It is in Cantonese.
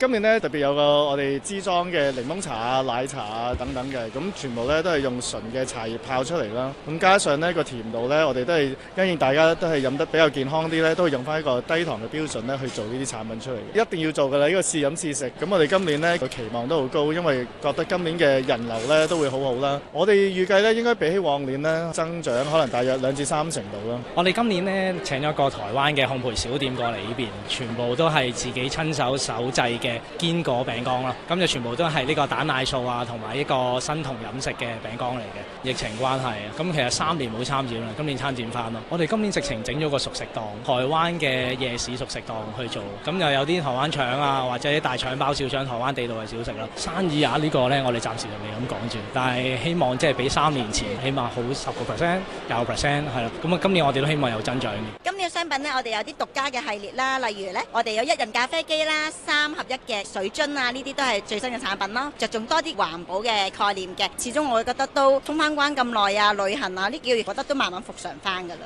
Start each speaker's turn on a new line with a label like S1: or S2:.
S1: 今年呢特別有個我哋支裝嘅檸檬茶啊、奶茶啊等等嘅，咁全部呢都係用純嘅茶葉泡出嚟啦。咁加上呢個甜度呢我哋都係，因應大家都係飲得比較健康啲呢都會用翻一個低糖嘅標準呢去做呢啲產品出嚟。一定要做噶啦，呢個試飲試食。咁我哋今年呢個期望都好高，因為覺得今年嘅人流呢都會好好啦。我哋預計呢應該比起往年呢增長可能大約兩至三成度啦。我哋今年呢
S2: 請咗個台灣嘅烘焙小店過嚟呢邊，全部都係自己親手手製嘅。堅果餅乾啦，咁就全部都係呢個蛋奶素啊，同埋呢個生酮飲食嘅餅乾嚟嘅。疫情關係啊，咁其實三年冇參展啦，今年參展翻咯。我哋今年直情整咗個熟食檔，台灣嘅夜市熟食檔去做，咁又有啲台灣腸啊，或者啲大腸包小腸，台灣地道嘅小食啦。生意啊，呢個呢，我哋暫時就未咁講住，但係希望即係比三年前起碼好十個 percent、廿個 percent 係啦。咁啊，今年我哋都希望有增長。
S3: 產品咧，我哋有啲獨家嘅系列啦，例如咧，我哋有一人咖啡機啦，三合一嘅水樽啊，呢啲都係最新嘅產品咯，着重多啲環保嘅概念嘅。始終我會覺得都通翻關咁耐啊，旅行啊，呢幾個月覺得都慢慢復常翻噶啦。